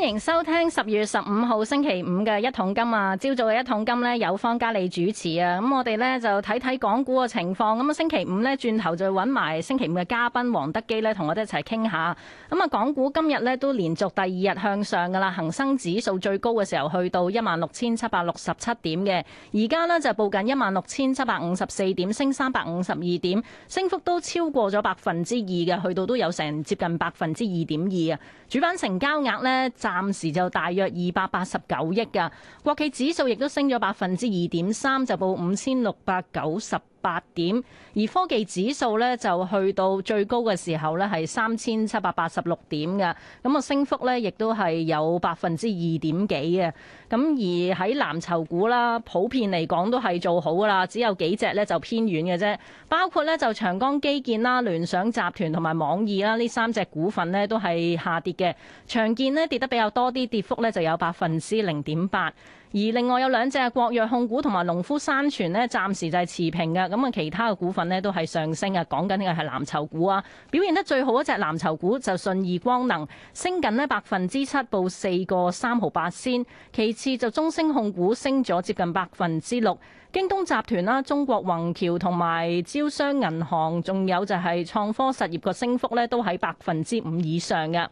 歡迎收聽十月十五號星期五嘅一桶金啊！朝早嘅一桶金呢，有方嘉利主持啊！咁我哋呢，就睇睇港股嘅情況。咁啊，星期五呢，轉頭再揾埋星期五嘅嘉賓黃德幾呢，同我哋一齊傾下。咁啊，港股今日呢，都連續第二日向上噶啦，恒生指數最高嘅時候去到一萬六千七百六十七點嘅，而家呢，就報緊一萬六千七百五十四點，升三百五十二點，升幅都超過咗百分之二嘅，去到都有成接近百分之二點二啊！主板成交額呢。暫時就大約二百八十九億噶，國企指數亦都升咗百分之二點三，就報五千六百九十八點，而科技指數呢，就去到最高嘅時候呢，係三千七百八十六點嘅，咁啊升幅呢，亦都係有百分之二點幾嘅。咁而喺藍籌股啦，普遍嚟講都係做好噶啦，只有幾隻呢就偏遠嘅啫，包括呢，就長江基建啦、聯想集團同埋網易啦呢三隻股份呢，都係下跌嘅，長建呢，跌得比較有多啲跌幅呢，就有百分之零點八。而另外有兩隻國藥控股同埋農夫山泉呢，暫時就係持平嘅。咁啊，其他嘅股份呢，都係上升嘅。講緊呢個係藍籌股啊，表現得最好嗰隻藍籌股就順義光能，升緊呢百分之七，報四個三毫八仙。其次就中升控股升咗接近百分之六。京東集團啦、中國宏橋同埋招商銀行，仲有就係創科實業個升幅呢，都喺百分之五以上嘅。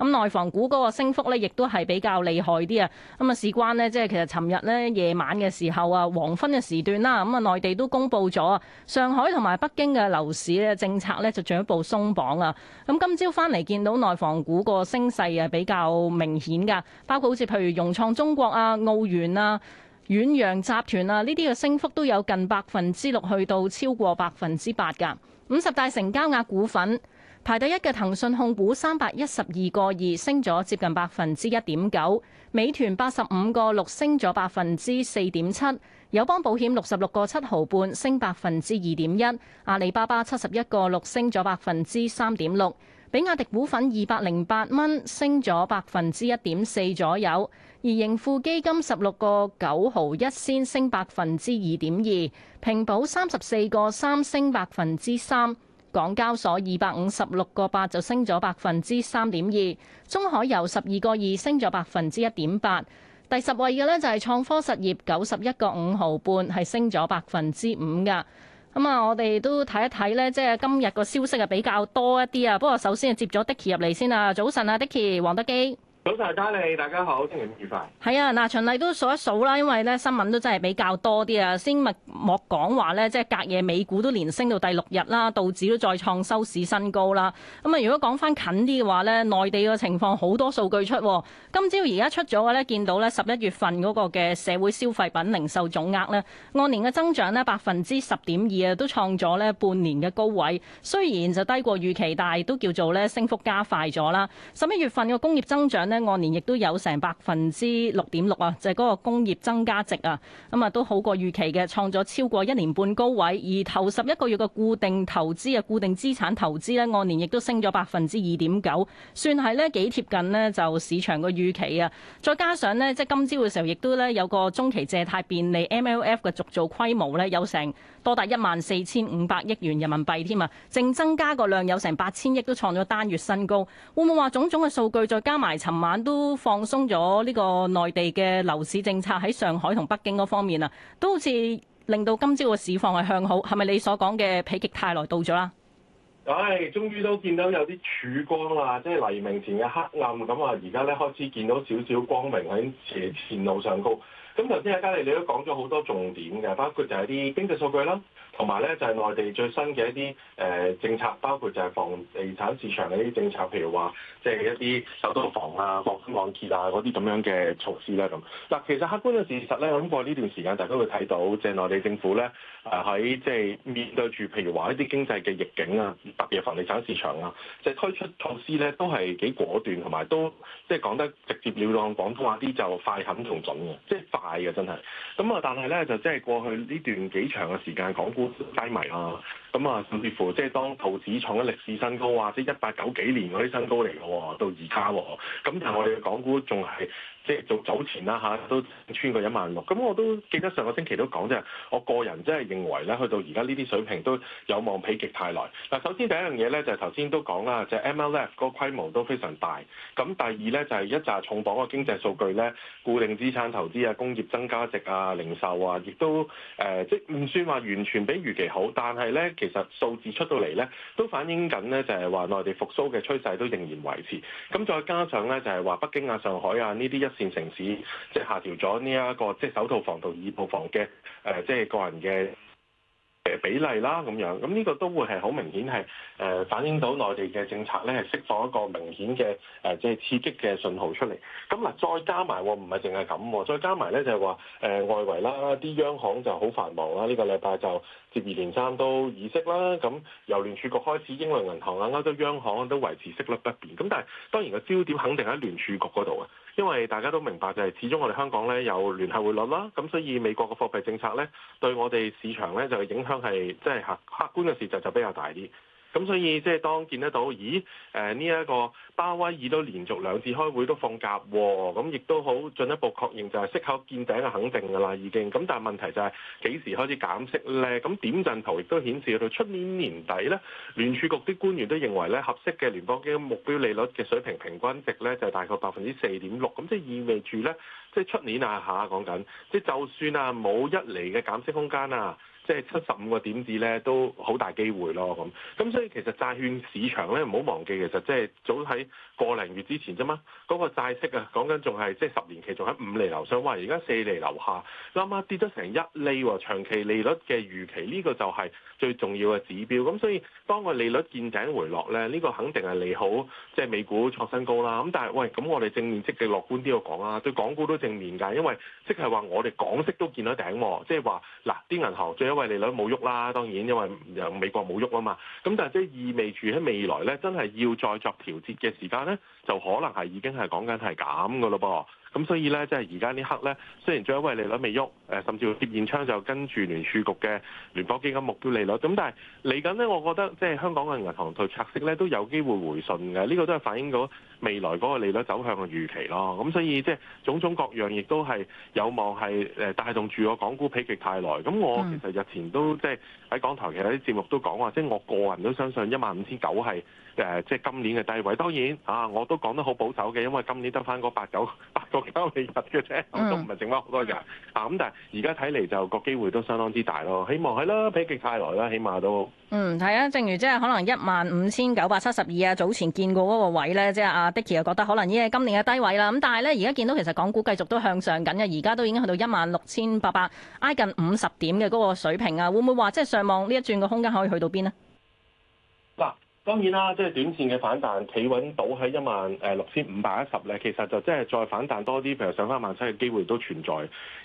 咁內房股嗰個升幅咧，亦都係比較厲害啲啊！咁啊，事關呢，即係其實尋日咧夜晚嘅時候啊，黃昏嘅時段啦，咁啊，內地都公布咗啊，上海同埋北京嘅樓市咧政策咧就進一步鬆綁啊！咁今朝翻嚟見到內房股個升勢啊，比較明顯㗎，包括好似譬如融創中國啊、奧園啊、遠洋集團啊呢啲嘅升幅都有近百分之六，去到超過百分之八㗎。五十大成交額股份。排第一嘅騰訊控股三百一十二個二，升咗接近百分之一點九。美團八十五個六，升咗百分之四點七。友邦保險六十六個七毫半，升百分之二點一。阿里巴巴七十一個六，升咗百分之三點六。比亞迪股份二百零八蚊，升咗百分之一點四左右。而盈富基金十六個九毫一，先升百分之二點二。平保三十四個三，升百分之三。港交所二百五十六個八就升咗百分之三點二，中海油十二個二升咗百分之一點八，第十位嘅咧就係創科實業九十一個五毫半係升咗百分之五噶，咁啊我哋都睇一睇咧，即係今日個消息啊比較多一啲啊，不過首先係接咗 Dicky 入嚟先啊，早晨啊 Dicky 黃德幾。早晨，嘉利，大家好，星期五愉快。係啊，嗱，循例都數一數啦，因為咧新聞都真係比較多啲啊。先勿莫講話咧，即係隔夜美股都連升到第六日啦，道指都再創收市新高啦。咁啊，如果講翻近啲嘅話咧，內地嘅情況好多數據出。啊、今朝而家出咗嘅咧，見到咧十一月份嗰個嘅社會消費品零售總額咧，按年嘅增長咧百分之十點二啊，都創咗咧半年嘅高位。雖然就低過預期，但係都叫做咧升幅加快咗啦。十一月份嘅工業增長咧。按年亦都有成百分之六點六啊，就係嗰個工業增加值啊，咁啊都好過預期嘅，創咗超過一年半高位。而頭十一個月嘅固定投資啊，固定資產投資咧，按年亦都升咗百分之二點九，算係咧幾貼近咧就市場個預期啊。再加上咧，即係今朝嘅時候，亦都咧有個中期借貸便利 MLF 嘅續做規模咧，有成多達一萬四千五百億元人民幣添啊，淨增加個量有成八千億都創咗單月新高。會唔會話種種嘅數據再加埋尋？晚都放鬆咗呢個內地嘅樓市政策，喺上海同北京嗰方面啊，都好似令到今朝嘅市況係向好，係咪你所講嘅否極泰來到咗啦？唉、哎，終於都見到有啲曙光啦，即係黎明前嘅黑暗咁啊！而家咧開始見到少少光明喺前路上高。咁頭先啊嘉莉，你都講咗好多重點嘅，包括就係啲經濟數據啦。同埋咧就係、是、內地最新嘅一啲誒、呃、政策，包括就係房地產市場嗰啲政策，譬如話即係一啲首套房啊、降按揭啊嗰啲咁樣嘅措施啦咁。嗱，其實客觀嘅事實咧，我諗過呢段時間大家都會睇到，即、就、係、是、內地政府咧喺即係面對住譬如話一啲經濟嘅逆境啊，特別係房地產市場啊，即、就、係、是、推出措施咧都係幾果斷，同埋都即係、就是、講得直接了當，廣通話廣東話啲就快狠同準嘅，即、就、係、是、快嘅真係。咁啊，但係咧就即係過去呢段幾長嘅時間，港低迷咯，咁啊，甚至乎即係當道指創咗歷史新高啊，即係一八九幾年嗰啲新高嚟嘅喎，到而家喎，咁但係我哋嘅港股仲係。即係早前啦、啊、吓都穿過一萬六。咁我都記得上個星期都講，即係我個人真係認為咧，去到而家呢啲水平都有望否極泰來。嗱，首先第一樣嘢咧就係頭先都講啦，就 MLF 嗰個規模都非常大。咁第二咧就係、是、一紮重磅嘅經濟數據咧，固定資產投資啊、工業增加值啊、零售啊，亦都誒即係唔算話完全比預期好，但係咧其實數字出到嚟咧都反映緊咧就係、是、話內地復甦嘅趨勢都仍然維持。咁再加上咧就係、是、話北京啊、上海啊呢啲一一線城市即係下調咗呢一個即係首套房同二套房嘅誒、呃，即係個人嘅誒比例啦，咁樣咁呢個都會係好明顯係誒、呃、反映到內地嘅政策咧，係釋放一個明顯嘅誒、呃，即係刺激嘅信號出嚟。咁嗱，再加埋唔係淨係咁，再加埋咧就係話誒外圍啦，啲央行就好繁忙啦。呢、這個禮拜就接二連三都議息啦。咁由聯儲局開始，英倫銀行啊、歐洲央行都維持息率不變。咁但係當然個焦點肯定喺聯儲局嗰度啊。因為大家都明白就係，始終我哋香港咧有聯繫匯率啦，咁所以美國嘅貨幣政策咧對我哋市場咧就影響係即係客觀嘅事實就比較大啲。咁所以即係當見得到，咦？誒呢一個鮑威爾都連續兩次開會都放鴿，咁、哦、亦都好進一步確認就係息口見頂嘅肯定㗎啦，已經。咁但係問題就係幾時開始減息咧？咁點陣圖亦都顯示到出年年底咧，聯儲局啲官員都認為咧，合適嘅聯邦基金目標利率嘅水平平均值咧，就係、大概百分之四點六。咁即係意味住咧，即係出年啊嚇講緊，即係就算啊冇一厘嘅減息空間啊。即係七十五個點子咧，都好大機會咯咁。咁所以其實債券市場咧，唔好忘記其實即係早喺個零月之前啫嘛，嗰、那個債息啊，講緊仲係即係十年期仲喺五厘樓上，喂，而家四厘樓下，啱啱跌咗成一厘喎、哦。長期利率嘅預期呢、這個就係最重要嘅指標。咁所以當個利率見頂回落咧，呢、這個肯定係利好，即係美股創新高啦。咁但係喂，咁我哋正面積極樂觀啲去講啦、啊，對港股都正面㗎，因為即係話我哋港息都見到頂、啊，即係話嗱啲銀行最有。利率冇喐啦，當然因為美國冇喐啊嘛，咁但係即係意味住喺未來呢，真係要再作調節嘅時間呢，就可能係已經係講緊係咁嘅咯噃。咁所以呢，即係而家呢刻呢，雖然最優惠利率未喐，誒甚至會跌建昌就跟住聯儲局嘅聯邦基金目標利率，咁但係嚟緊呢，我覺得即係香港嘅銀行佢拆息呢，都有機會回順嘅，呢、這個都係反映到。未來嗰個利率走向嘅預期咯，咁、嗯、所以即係種種各樣亦都係有望係誒帶動住個港股否極泰來。咁我其實日前都、嗯、即係喺港台其他啲節目都講話，即係我個人都相信一萬五千九係誒即係今年嘅低位。當然啊，我都講得好保守嘅，因為今年得翻嗰八九八個交易日嘅啫，都唔係剩翻好多嘅。啊咁，但係而家睇嚟就個機會都相當之大咯。希望係啦，否極泰來啦，起碼都。嗯，係啊，正如即係可能一萬五千九百七十二啊，早前見過嗰個位呢，即係阿 Dicky 又覺得可能呢係今年嘅低位啦。咁但係呢，而家見到其實港股繼續都向上緊嘅，而家都已經去到一萬六千八百，挨近五十點嘅嗰個水平啊。會唔會話即係上望呢一轉個空間可以去到邊呢？當然啦，即係短線嘅反彈企穩到喺一萬誒六千五百一十咧，其實就即係再反彈多啲，譬如上翻萬七嘅機會都存在，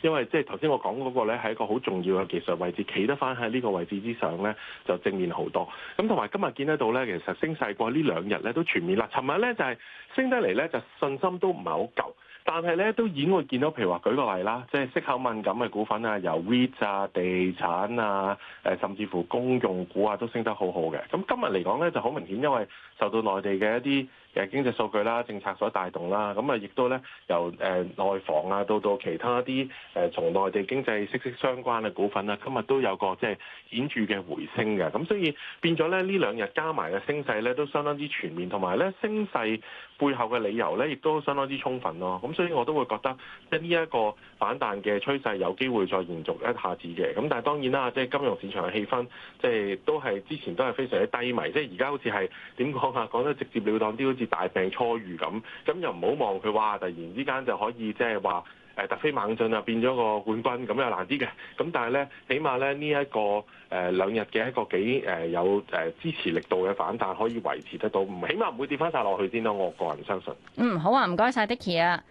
因為即係頭先我講嗰個咧係一個好重要嘅技術位置，企得翻喺呢個位置之上咧，就正面好多。咁同埋今日見得到咧，其實升勢過呢兩日咧都全面啦。尋日咧就係升得嚟咧，就信心都唔係好夠。但係咧都已經會見到，譬如話舉個例啦，即係息口敏感嘅股份啊，由 REIT 啊、地產啊，誒甚至乎公用股啊，都升得好好嘅。咁今日嚟講咧，就好明顯，因為受到內地嘅一啲誒經濟數據啦、政策所帶動啦，咁啊亦都咧由誒內房啊，到到其他一啲誒從內地經濟息息相關嘅股份啊，今日都有個即係顯著嘅回升嘅。咁所以變咗咧呢兩日加埋嘅升勢咧，都相當之全面，同埋咧升勢背後嘅理由咧，亦都相當之充分咯。咁所以我都會覺得，即係呢一個反彈嘅趨勢有機會再延續一下子嘅。咁但係當然啦，即係金融市場嘅氣氛，即係都係之前都係非常之低迷。即係而家好似係點講啊？講得直接了當啲，好似大病初愈咁。咁又唔好望佢，哇！突然之間就可以即係話誒突飛猛進啊，變咗個冠軍咁又難啲嘅。咁但係咧，起碼咧呢一個誒兩、呃、日嘅一個幾誒有誒支持力度嘅反彈，可以維持得到，起碼唔會跌翻晒落去先咯。我個人相信。嗯，好啊，唔該晒 d i c k y 啊。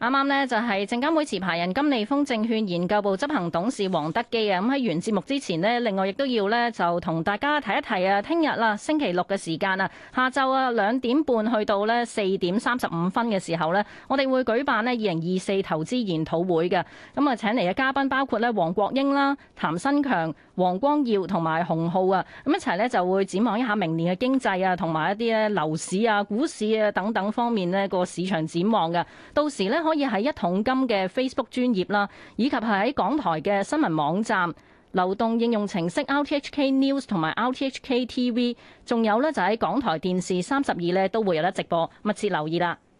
啱啱呢就係證監會持牌人金利豐證券研究部執行董事黃德幾啊，咁喺完節目之前呢，另外亦都要呢就同大家提一提啊，聽日啦星期六嘅時間啊，下晝啊兩點半去到呢四點三十五分嘅時候呢，我哋會舉辦呢二零二四投資研討會嘅，咁啊請嚟嘅嘉賓包括呢黃國英啦、譚新強。黃光耀同埋洪浩啊，咁一齊呢就會展望一下明年嘅經濟啊，同埋一啲呢樓市啊、股市啊等等方面呢個市場展望嘅。到時呢，可以喺一桶金嘅 Facebook 專頁啦，以及係喺港台嘅新聞網站、流動應用程式 RTHK News 同埋 RTHK TV，仲有呢就喺港台電視三十二呢都會有得直播，密切留意啦。